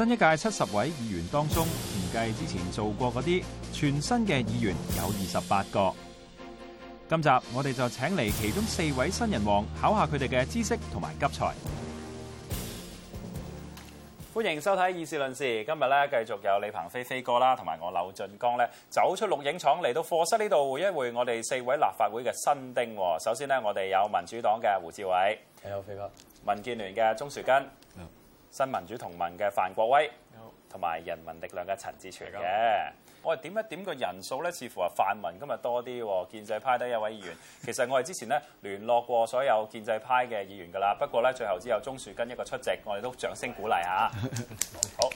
新一屆七十位議員當中，唔計之前做過嗰啲，全新嘅議員有二十八個。今集我哋就請嚟其中四位新人王，考下佢哋嘅知識同埋急才。歡迎收睇《議事論事》，今日咧繼續有李鵬飛飛哥啦，同埋我柳俊江咧走出錄影廠，嚟到課室呢度會一會我哋四位立法會嘅新丁。首先呢，我哋有民主黨嘅胡志偉，你好，飛哥，民建聯嘅鍾樹根。新民主同盟嘅范國威，好，同埋人民力量嘅陳志全嘅。我哋點一點個人數呢？似乎係泛民今日多啲喎，建制派得一位議員。 其實我哋之前呢聯絡過所有建制派嘅議員噶啦，不過呢，最後只有鍾樹根一個出席，我哋都掌聲鼓勵一下 好，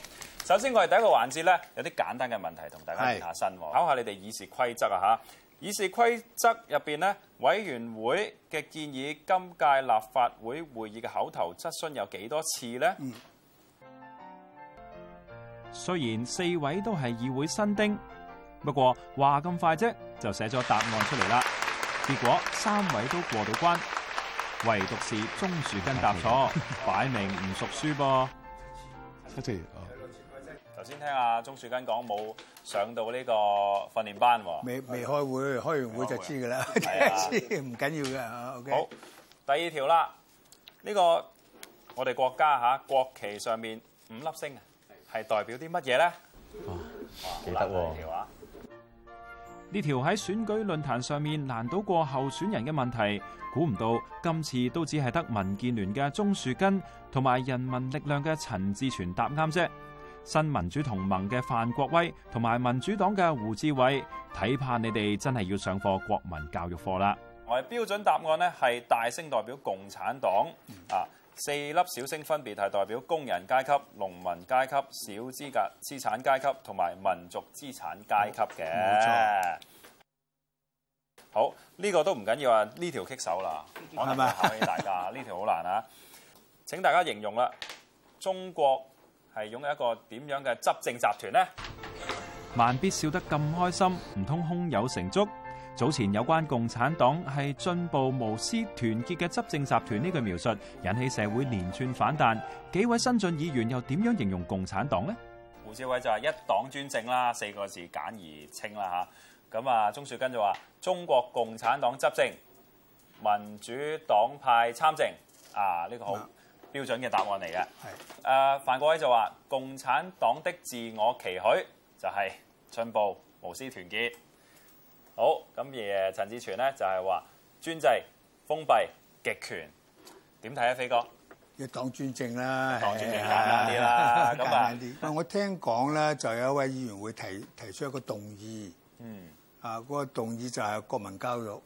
首先我哋第一個環節呢，有啲簡單嘅問題同大家熱下身，考下你哋議事規則啊嚇。議事規則入邊呢，委員會嘅建議，今屆立法會會議嘅口頭質詢有幾多次呢，嗯？雖然四位都係議會新丁，不過話咁快啫，就寫咗答案出嚟啦。結果三位都過到關，唯獨是鍾樹根答錯，擺明唔熟書噃。先聽下鍾樹根講冇上到呢個訓練班喎，未未開會，開完會就知㗎啦。知唔緊要嘅。好，第二條啦，呢個我哋國家吓，國旗上面五粒星啊，係代表啲乜嘢咧？記得喎，呢條喺選舉論壇上面難倒過候選人嘅問題，估唔到今次都只係得民建聯嘅鍾樹根同埋人民力量嘅陳志全答啱啫。新民主同盟嘅范國威同埋民主黨嘅胡志偉，睇怕你哋真係要上課國民教育課啦。我哋標準答案呢係大星代表共產黨，啊、嗯、四粒小星分別係代表工人階級、農民階級、小資格資產階級同埋民族資產階級嘅。好，呢、這個都唔緊要啊，呢條棘手啦，係咪考大家？呢條好難啊，請大家形容啦，中國。係擁有一個點樣嘅執政集團呢？萬必笑得咁開心，唔通胸有成竹？早前有關共產黨係進步無私團結嘅執政集團呢句描述，引起社會連串反彈。幾位新晉議員又點樣形容共產黨呢？胡志偉就話一黨專政啦，四個字簡而清啦吓。咁啊，鍾樹根就話中國共產黨執政，民主黨派參政啊，呢個好。標準嘅答案嚟嘅。係、呃，誒范國威就話共產黨的自我期許就係進步、無私團結。好，咁而陳志全咧就係話專制、封閉、極權。點睇啊，飛哥？一黨專政啦，講專政啲啦，簡單啲。我聽講咧，就有一位議員會提提出一個動議。嗯。啊，嗰、那個動議就係國民教育。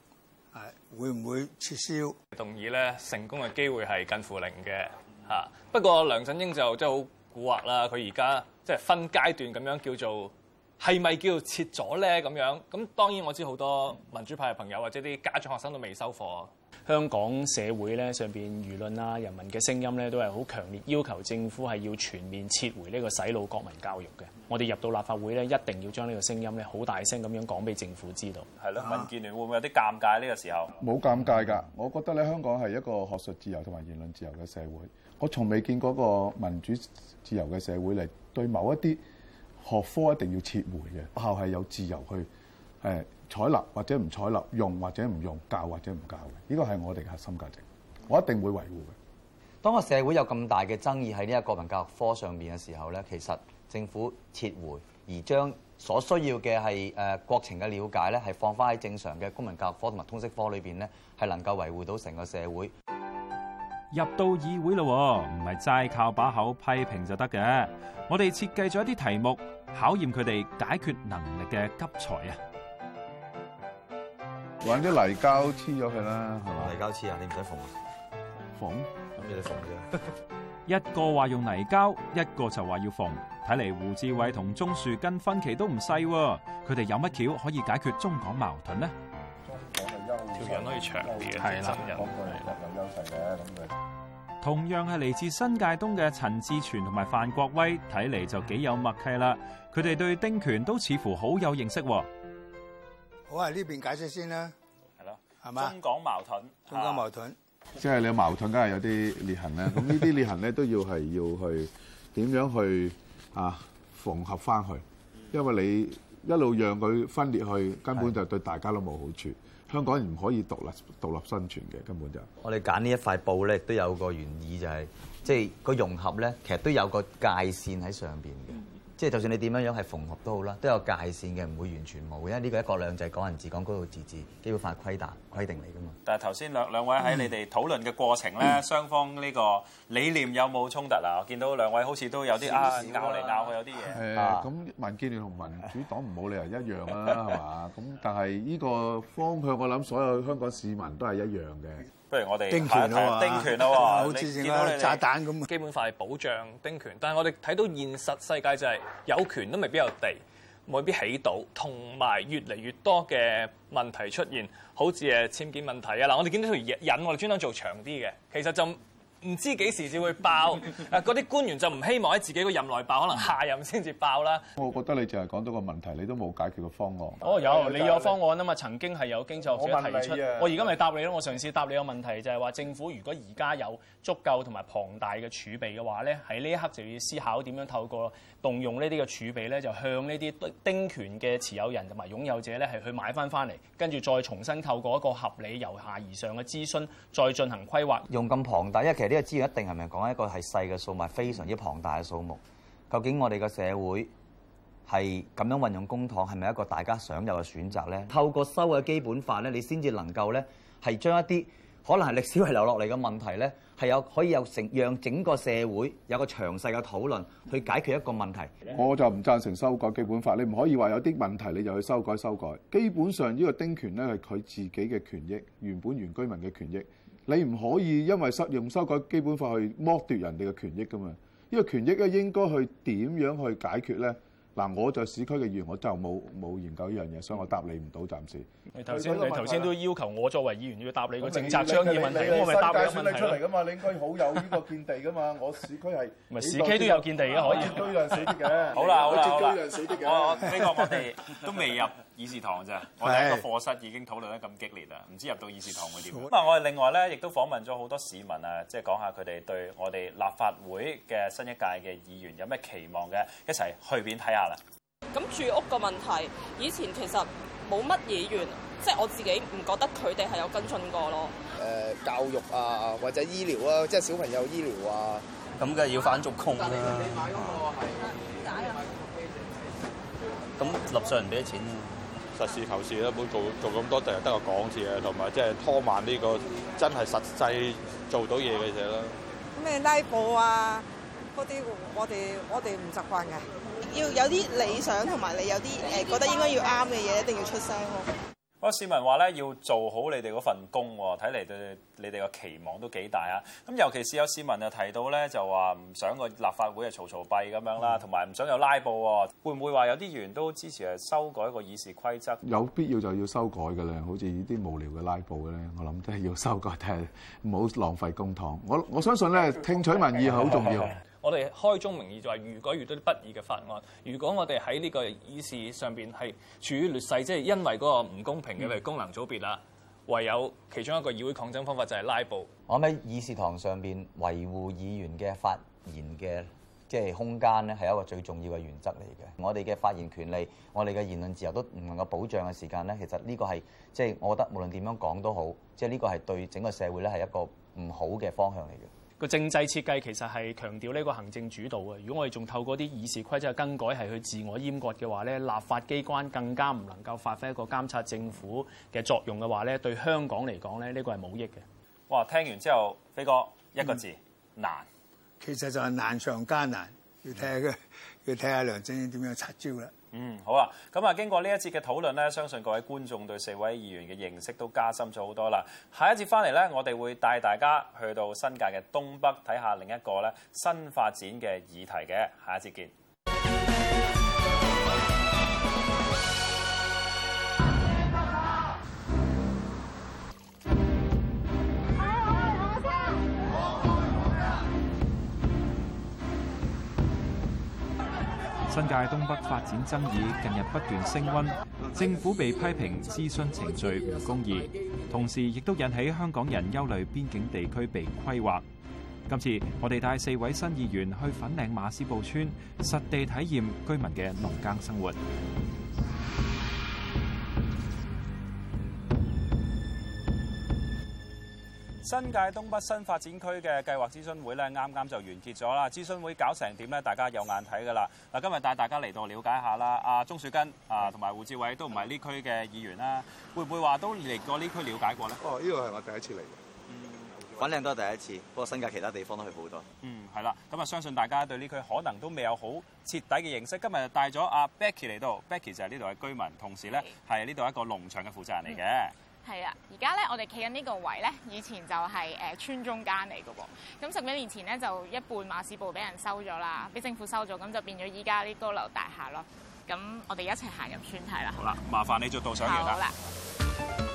係會唔會撤銷？同意咧，成功嘅機會係近乎零嘅嚇。不過梁振英就真係好誇惑啦！佢而家即係分階段咁樣叫做係咪叫撤咗咧咁樣？咁當然我知好多民主派嘅朋友或者啲家長學生都未收貨。香港社會咧上邊輿論啊、人民嘅聲音咧，都係好強烈要求政府係要全面撤回呢個洗腦國民教育嘅。我哋入到立法會咧，一定要將呢個聲音咧好大聲咁樣講俾政府知道。係咯，民建聯會唔會有啲尷尬呢個時候？冇尷尬㗎，我覺得咧香港係一個學術自由同埋言論自由嘅社會。我從未見過個民主自由嘅社會嚟對某一啲學科一定要撤回嘅，學校係有自由去。誒採納或者唔採納，用或者唔用，教或者唔教嘅，呢個係我哋核心價值，我一定會維護嘅。當個社會有咁大嘅爭議喺呢個國民教育科上面嘅時候咧，其實政府撤回而將所需要嘅係誒國情嘅了解咧，係放翻喺正常嘅公民教育科同埋通識科裏邊咧，係能夠維護到成個社會。入到議會咯，唔係齋靠把口批評就得嘅。我哋設計咗一啲題目，考驗佢哋解決能力嘅急才啊！玩啲泥膠黐咗佢啦，係嘛？泥膠黐啊，你唔使縫啊？縫？咁你就縫啫。一個話用泥膠，一個就話要縫。睇嚟，胡志偉同鍾樹根分歧都唔細。佢哋有乜橋可以解決中港矛盾呢？中港係優勢，條長可以長啲。係啦，香港係有優勢嘅。咁佢同樣係嚟自新界東嘅陳志全同埋范國威，睇嚟就幾有默契啦。佢哋對丁權都似乎好有認識。我喺呢邊解釋先啦，係咯，係咪？中港矛盾，中港矛盾，即、啊、係、就是、你有矛盾，梗係有啲裂痕啦。咁呢啲裂痕咧，都要係要去點樣去嚇、啊、縫合翻去，因為你一路讓佢分裂去，根本就對大家都冇好處。是的，香港唔可以獨立獨立生存嘅，根本就。我哋揀呢一塊布咧，都有個原意、就是，就係即係個融合咧，其實都有個界線喺上邊嘅。嗯即係就算你點樣樣係縫合都好啦，都有界線嘅，唔會完全冇，因為呢個一國兩制、港人治港、高度自治基本法規定規定嚟㗎嘛。但係頭先兩兩位喺你哋討論嘅過程咧、嗯，雙方呢個理念有冇衝突啊？我見到兩位好似都有啲啊，拗嚟拗去有啲嘢。咁、啊啊、民建聯同民主黨唔好理由一樣啦係嘛？咁 但係呢個方向，我諗所有香港市民都係一樣嘅。不如我哋丁權啊嘛，好似丁權啊嘛，你見到炸彈咁，基本法係保障丁權，但係我哋睇到現實世界就係有權都未必有地，未必起到，同埋越嚟越多嘅問題出現，好似係僭建問題啊，嗱，我哋見到條引，我哋專登做長啲嘅，其實就。唔知幾時至會爆，嗰啲官員就唔希望喺自己個任內爆，可能下任先至爆啦。我覺得你淨係講到個問題，你都冇解決個方案。哦，有，哦就係、你有方案啊嘛？曾經係有經濟學者提出。我而家咪答你咯。我上次答你個問題就係話，政府如果而家有足夠同埋龐大嘅儲備嘅話咧，喺呢一刻就要思考點樣透過。動用呢啲嘅儲備咧，就向呢啲丁權嘅持有人同埋擁有者咧，係去買翻翻嚟，跟住再重新透過一個合理由下而上嘅諮詢，再進行規劃。用咁龐大，因為其實呢個資源一定係咪講一個係細嘅數目，非常之龐大嘅數目。究竟我哋嘅社會係咁樣運用公帑，係咪一個大家想有嘅選擇呢？透過收嘅基本法咧，你先至能夠咧係將一啲。可能係歷史遺留落嚟嘅問題咧，係有可以有成讓整個社會有個詳細嘅討論去解決一個問題。我就唔贊成修改基本法。你唔可以話有啲問題你就去修改修改。基本上呢個丁權咧係佢自己嘅權益，原本原居民嘅權益，你唔可以因為適用修改基本法去剝奪人哋嘅權益噶嘛？呢個權益咧應該去點樣去解決咧？嗱，我就係市區嘅議員，我就冇冇研究呢樣嘢，所以我答你唔到暫時。你頭先你頭先都要求我作為議員要答你個政策倡議問題，我咪答你咯。新界選你出嚟㗎嘛，你應該好有呢個見地㗎嘛， 我市區係。唔係市區都有見地嘅，可以。死 可以 好啦好啦，我我 我。我呢個我哋都未入。 議事堂啫，我喺個課室已經討論得咁激烈啦，唔知道入到議事堂會點？咁啊，我哋另外咧，亦都訪問咗好多市民啊，即係講下佢哋對我哋立法會嘅新一屆嘅議員有咩期望嘅，一齊去邊睇下啦。咁住屋個問題，以前其實冇乜議員，即、就、係、是、我自己唔覺得佢哋係有跟進過咯。誒，教育啊，或者醫療啊，即、就、係、是、小朋友醫療啊，咁梗係要反足控啦、啊。咁納稅人俾啲錢實事求是啦，唔好做做咁多，淨係得個講字啊，同埋即係拖慢呢個真係實際做到嘢嘅嘢啦。咁你拉布啊，嗰啲我哋我哋唔習慣㗎，要有啲理想同埋你有啲誒、呃、覺得應該要啱嘅嘢，一定要出聲咯。哇！市民話咧，要做好你哋嗰份工喎，睇嚟對你哋個期望都幾大啊！咁尤其是有市民就提到咧，就話唔想個立法會係嘈嘈閉咁樣啦，同埋唔想有拉布喎。會唔會話有啲議員都支持誒修改個議事規則？有必要就要修改㗎喇，好似呢啲無聊嘅拉布咧，我諗都係要修改，但係唔好浪費公帑。我我相信咧，聽取民意係好重要。嗯嗯嗯嗯嗯嗯嗯嗯我哋開宗明義就係，如果遇到啲不義嘅法案，如果我哋喺呢個議事上邊係處於劣勢，即係因為嗰個唔公平嘅、嗯、功能組別啦，唯有其中一個議會抗爭方法就係拉布。我諗喺議事堂上邊維護議員嘅發言嘅即係空間咧，係一個最重要嘅原則嚟嘅。我哋嘅發言權利，我哋嘅言論自由都唔能夠保障嘅時間咧，其實呢個係即係我覺得無論點樣講都好，即係呢個係對整個社會咧係一個唔好嘅方向嚟嘅。個政制設計其實係強調呢個行政主導嘅。如果我哋仲透過啲議事規則更改係去自我閹割嘅話咧，立法機關更加唔能夠發揮一個監察政府嘅作用嘅話咧，對香港嚟講咧，呢個係冇益嘅。哇！聽完之後，飛哥一個字、嗯、難，其實就係難上加難，要睇下佢，要睇下梁振英點樣拆招啦。嗯，好啦，咁啊，經過呢一節嘅討論咧，相信各位觀眾對四位議員嘅認識都加深咗好多啦。下一節翻嚟咧，我哋會帶大家去到新界嘅東北，睇下另一個咧新發展嘅議題嘅，下一節見。新界東北發展爭議近日不斷升溫，政府被批評諮詢程序唔公義，同時亦都引起香港人憂慮邊境地區被規劃。今次我哋帶四位新議員去粉嶺馬屎埔村，實地體驗居民嘅農耕生活。新界東北新發展區嘅計劃諮詢會咧，啱啱就完結咗啦。諮詢會搞成點咧？大家有眼睇噶啦。嗱，今日帶大家嚟到了解下啦。阿鍾樹根啊，同埋胡志偉都唔係呢區嘅議員啦。會唔會話都嚟過呢區了解過咧？哦，呢個係我第一次嚟。嗯，粉嶺都係第一次，不過新界其他地方都去好多。嗯，係啦。咁啊，相信大家對呢區可能都未有好徹底嘅認識。今日帶咗阿 Becky 嚟到、嗯、Becky 就係呢度嘅居民，同時咧係呢度一個農場嘅負責人嚟嘅。嗯。係啦，而家咧，我哋企緊呢個位咧，以前就係誒村中間嚟㗎喎。咁十幾年前咧，就一半馬屎埔俾人收咗啦，俾政府收咗，咁就變咗依家啲高樓大廈咯。咁我哋一齊行入村睇啦。好啦，麻煩你再到上導賞好啦。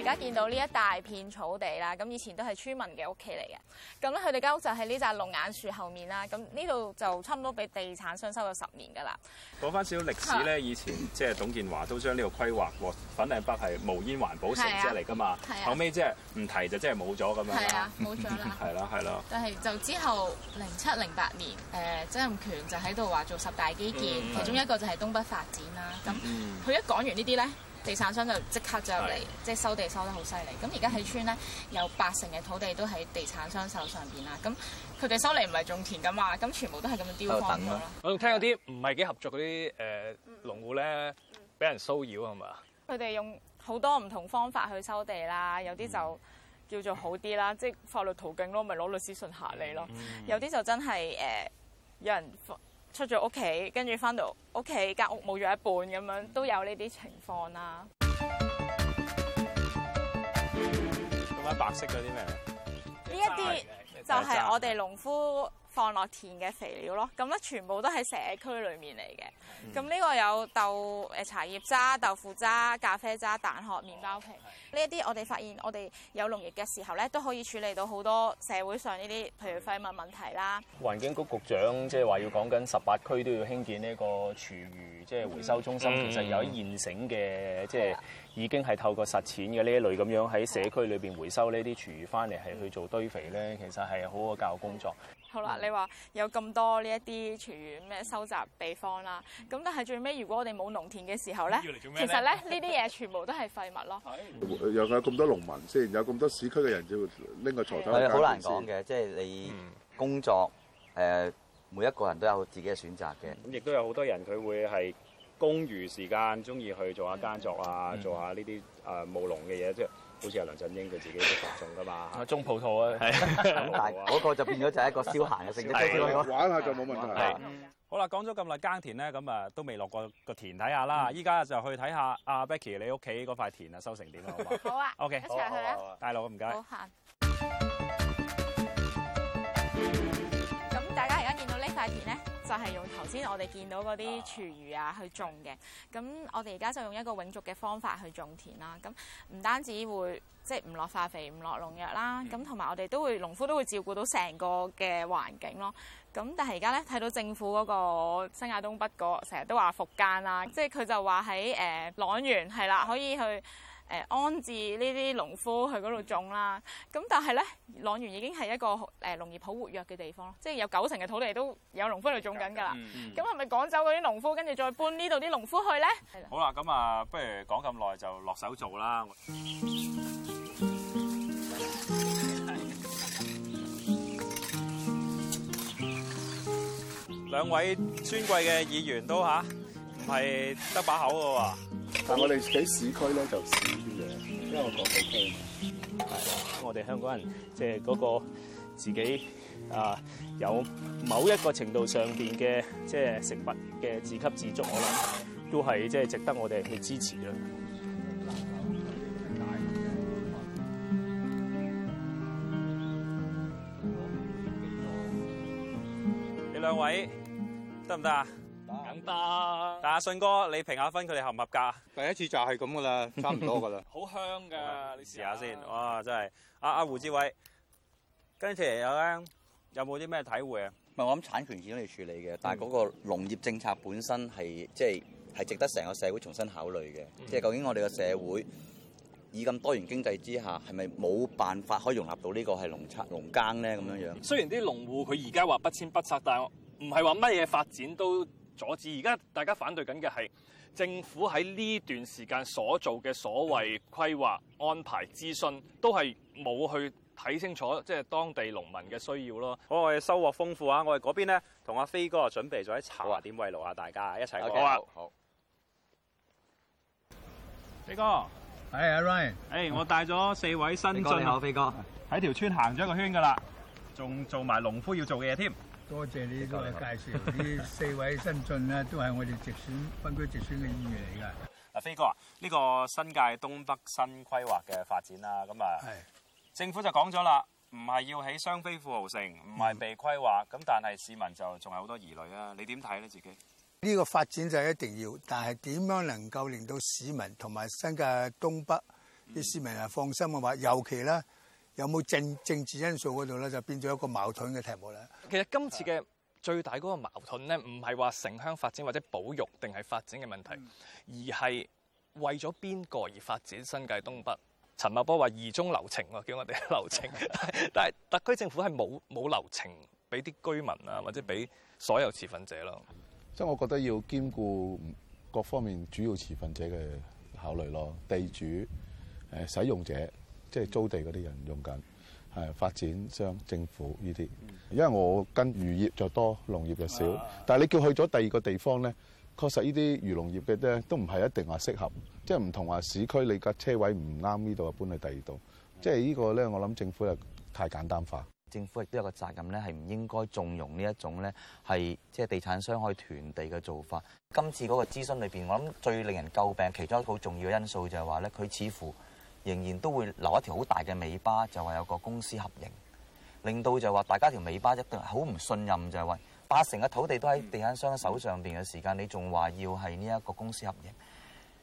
而家見到呢一大片草地啦，咁以前都係村民嘅屋企嚟嘅。咁咧，佢哋間屋就喺呢棟龍眼樹後面啦。咁呢度就差唔多俾地產商收咗十年㗎啦。講翻少少歷史咧，以前即係董建華都將呢個規劃和粉嶺北係無煙環保城鎮嚟㗎嘛。後尾即係唔提就即係冇咗噉樣。冇咗啦。係啦，係 啦。但係就之後零七零八年，誒、呃、曾蔭權就喺度話做十大基建，嗯、其中一個就係東北發展啦。咁佢、嗯、一講完這些呢啲咧。地產商就來即刻就嚟，即係收地收得好犀利。咁而家喺村咧，有八成嘅土地都喺地產商手上邊啦。咁佢哋收嚟唔係種田噶嘛，咁全部都係咁樣丟荒咗啦。我仲聽有啲唔係幾合作嗰啲誒農戶咧，俾、呃、人騷擾係嘛？佢哋用好多唔同方法去收地啦，有啲就叫做好啲啦，即、就、係、是、法律途徑咯，咪攞律師信嚇你咯。有啲就真係、呃、有人。出咗屋企，跟住翻到屋企間屋冇咗一半咁樣，都有呢啲情況啦。咁啊，白色嗰啲咩？呢一啲就係我哋農夫。.放落田嘅肥料咯，咁咧全部都喺社區裏面嚟嘅。咁、嗯、呢、這個有豆誒、茶葉渣、豆腐渣、咖啡渣、蛋殼、麵包皮呢一啲，我哋發現我哋有農業嘅時候咧，都可以處理到好多社會上呢啲，譬如廢物問題啦。環、嗯、境局局長即係話要講緊十八區都要興建呢個廚餘即係回收中心，嗯、其實有啲現成嘅、嗯、即係。已經係透過實踐嘅呢一類咁樣喺社區裏邊回收呢啲廚餘翻嚟係去做堆肥咧，其實係好好嘅教育工作。好啦，你話有咁多呢一啲廚餘咩收集地方啦，咁但係最尾如果我哋冇農田嘅時候咧，其實咧呢啲嘢全部都係廢物咯。又 有咁多農民先，有咁多，多市區嘅人就拎個鋤頭。好難講嘅，即係你工作誒、嗯，每一個人都有自己嘅選擇嘅。咁亦都有好多人佢會係。工餘時間中意去做下耕作啊，做下呢啲誒務農嘅嘢，即係好似阿梁振英佢自己都種㗎嘛。啊，種葡萄啊，係咁大，嗰個就變咗就係一個消閒嘅性質。玩下就冇問題。嗯、好啦，講咗咁耐耕田咧，咁啊都未落過個田睇下啦，依家就去睇下阿 Becky 你屋企嗰塊田啊收成點啊，好唔好？好啊，OK，一齊去啊，大佬唔該。好行。就係、是、用頭先我哋見到嗰啲廚餘啊去種嘅，咁我哋而家就用一個永續嘅方法去種田啦。咁唔單止會即係唔落化肥、唔落農藥啦，咁同埋我哋都會農夫都會照顧到成個嘅環境咯。咁但係而家咧睇到政府嗰個新界東北嗰，成日都話復耕啦，即係佢就話喺誒塱原係啦，可以去，誒安置呢啲農夫去嗰度種啦，咁但係咧，塱原已經係一個誒農業好活躍嘅地方咯，即係有九成嘅土地都有農夫去種緊㗎啦。咁係咪趕走嗰啲農夫，跟住再搬呢度啲農夫去咧？好啦，咁啊，不如講咁耐就落手做啦。兩位尊貴嘅議員都吓，唔係得把口嘅喎。但我哋喺市區咧就少啲嘢，因為我講嘅嘅，係啦，我哋香港人即係嗰個自己啊、呃，有某一個程度上邊嘅即係食物嘅自給自足，我諗都係即係值得我哋去支持啦。你兩位得唔得啊？行得，但阿信哥，你評下分，佢哋合唔合格啊？第一次就係咁噶啦，差唔多噶啦。 好香噶，啊，你試下先。哇，真係阿阿胡志偉，跟住又有咧，有冇啲咩體會啊？唔係我諗產權始終要處理嘅，但係嗰個農業政策本身係即係係值得成個社會重新考慮嘅。即係，就是，究竟我哋個社會以咁多元經濟之下，係咪冇辦法可以融合到呢個農農農農呢個係農拆農耕咧？咁樣樣雖然啲農戶佢而家話不遷不拆，但係唔係話乜嘢發展都。阻止。而家大家反對緊嘅係政府喺呢段時間所做嘅所謂規劃安排諮詢，都係冇去睇清楚，即係當地農民嘅需要咯。我哋收穫豐富啊！我哋嗰邊咧同阿飛哥準備咗啲茶、啊、點慰勞下大家，一齊好，啊、好啊！好，飛哥，係阿 Ray，誒，我帶咗四位新進，飛哥喺條村行咗一個圈噶啦，仲做埋農夫要做嘅嘢添。多謝你呢個介紹，呢四位新進咧都係我哋直選、分區直選嘅議員嚟㗎。阿飛哥、啊，呢、呢個新界東北新規劃嘅發展啦，咁啊，政府就講咗啦，唔係要起雙非富豪城，唔係被規劃，咁、嗯、但係市民就仲有好多疑慮啊！你點睇咧？自己呢、呢個發展就係一定要，但係點樣能夠令到市民同埋新界東北啲市民啊放心嘅話，嗯、尤其咧。有冇政政治因素嗰度咧，就變咗一個矛盾嘅題目咧。其實今次嘅最大嗰個矛盾咧，唔係話城鄉發展或者保育定係發展嘅問題，而係為咗邊個而發展新界東北？陳茂波話二中流程啊，叫我哋流程， 但係特區政府係冇冇流程俾啲居民啊，或者俾所有持份者咯。即係我覺得要兼顧各方面主要持份者嘅考慮咯，地主誒使用者。即係租地嗰啲人用緊係發展商、政府呢啲，因為我跟漁業就多，農業就少。但係你叫去咗第二個地方咧，確實呢啲漁農業嘅咧都唔係一定話適合，嗯、即係唔同話市區你架車位唔啱呢度，就搬去第二度。即係呢、呢個咧，我諗政府又太簡單化。政府亦都有個責任咧，係唔應該縱容呢一種咧係即係地產商可以囤地嘅做法。今次嗰個諮詢裏邊，我諗最令人詬病其中一個好重要嘅因素就係話咧，佢似乎，仍然都會留一條好大嘅尾巴，就話有個公私合營，令到就話大家條尾巴一定好唔信任，就係話八成嘅土地都喺地產商手上邊嘅時間，你仲話要係呢一個公私合營，呢、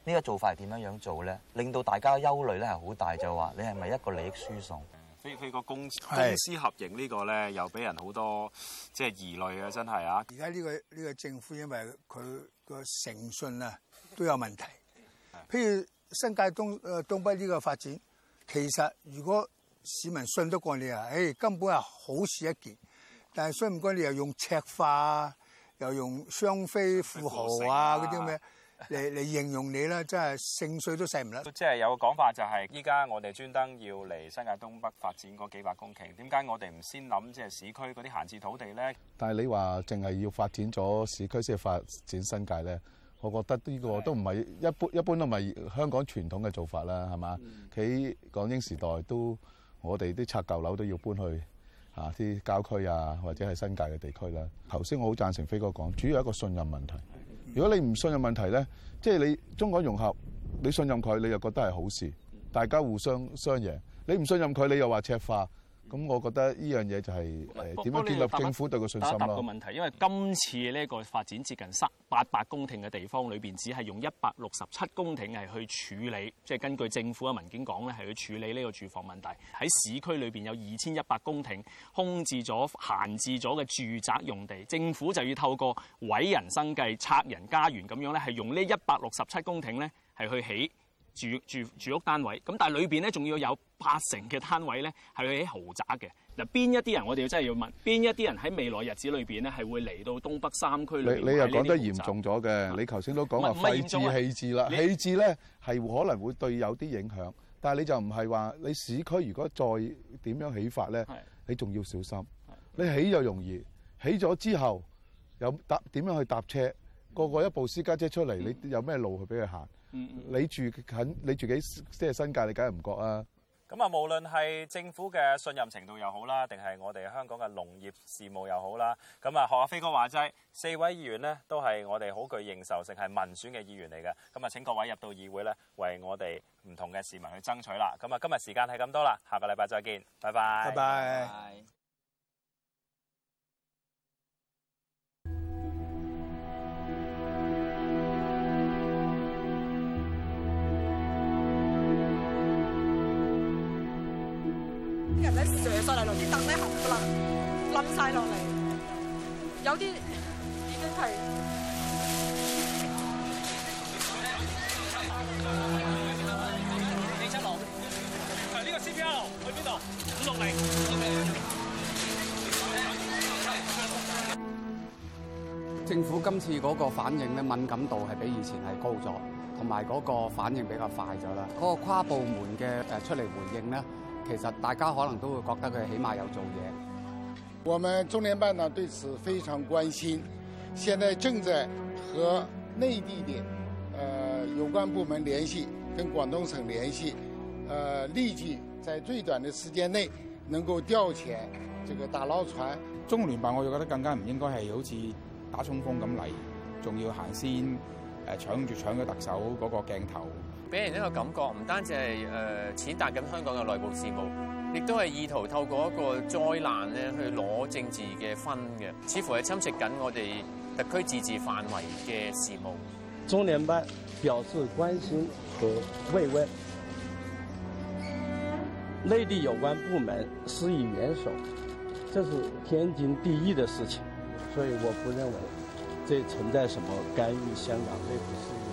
這個做法係點樣樣做咧？令到大家嘅憂慮咧係好大，就話你係咪一個利益輸送？譬如譬如個公公私合營個呢個咧，又俾人好多即係、就是、疑慮嘅，真係啊！而家呢個呢、這個政府因為佢個誠信啊都有問題，譬如。新界東誒東北呢個發展，其實如果市民信得過你啊，誒、欸、根本係好事一件。但係衰唔衰你又用赤化，又用雙非富豪啊嗰啲咩嚟嚟形容你咧， 真係盛衰都洗唔甩。即係有個講法就係、是，依家我哋專登要嚟新界東北發展嗰幾百公頃，點解我哋唔先諗即係市區嗰啲閒置土地咧？但係你話淨係要發展咗市區先發展新界咧？我覺得呢個都唔係一般，一般都唔係香港傳統嘅做法啦，係嘛？喺港英時代都，我哋啲拆舊樓都要搬去啊啲郊區啊，或者係新界嘅地區啦。頭先我好贊成飛哥講，主要係一個信任問題。如果你唔信任問題咧，即係你中港融合，你信任佢，你又覺得係好事，大家互相相贏。你唔信任佢，你又話赤化。咁我覺得呢樣嘢就係誒點樣建立政府對佢信心啦，個問題，因為今次呢個發展接近三八百公頃嘅地方裏面，只係用一百六十七公頃係去處理，即係根據政府嘅文件講咧，係去處理呢個住房問題。喺市區裏面有二千一百公頃空置咗、閒置咗嘅住宅用地，政府就要透過毀人生計、拆人家園咁樣咧，係用呢一百六十七公頃咧係去起住住住屋單位，咁但係裏邊咧仲要有八成嘅單位咧係起豪宅嘅。嗱，邊一啲人我哋要真係要問？邊一啲人喺未來日子裏邊咧係會嚟到東北三區裏邊？你你又講得嚴重咗嘅，你頭先都講話廢置棄置啦，棄置咧係可能會對有啲影響，但係你就唔係話你市區如果再點樣起法咧，你仲要小心。你起又容易，起咗之後又搭點樣去搭車？個個一部私家車出嚟，你有咩路去俾佢行？嗯，嗯，你住近，你自己即係新界，你梗係唔覺啊！咁啊，無論係政府嘅信任程度又好啦，定係我哋香港嘅農業事務又好啦，咁啊，學阿飛哥話齋，四位議員呢都係我哋好具認受性，係民選嘅議員嚟嘅。咁啊，請各位入到議會咧，為我哋唔同嘅市民去爭取啦。咁啊，今日時間係咁多啦，下個禮拜再見，拜拜，拜拜。斜曬落嚟，啲凳咧行不落，冧曬落嚟，有啲已經係。四七六，誒呢個 CPL 去邊度？五六零。政府今次嗰個反應咧，敏感度係比以前係高咗，同埋嗰個反應比較快咗啦。嗰、嗰個跨部門嘅誒出嚟回應咧。其實大家可能都會覺得佢起碼有做嘢。我們中聯辦呢，對此非常關心，現在正在和內地的呃有關部門聯繫，跟廣東省聯繫，呃立即在最短的時間內能夠調遣這個打撈船。中聯辦我覺得更加唔應該係好似打衝鋒咁嚟，仲要行先，搶住搶咗特首嗰個鏡頭。俾人一個感覺，唔單止係誒踐踏緊香港嘅內部事務，亦都係意圖透過一個災難咧去攞政治嘅分嘅，似乎係侵蝕緊我哋特區自治範圍嘅事務。中聯辦表示關心和慰問，內地有關部門施以援手，這是天經地義的事情，所以我不認為，這存在什麼干預香港內部事務。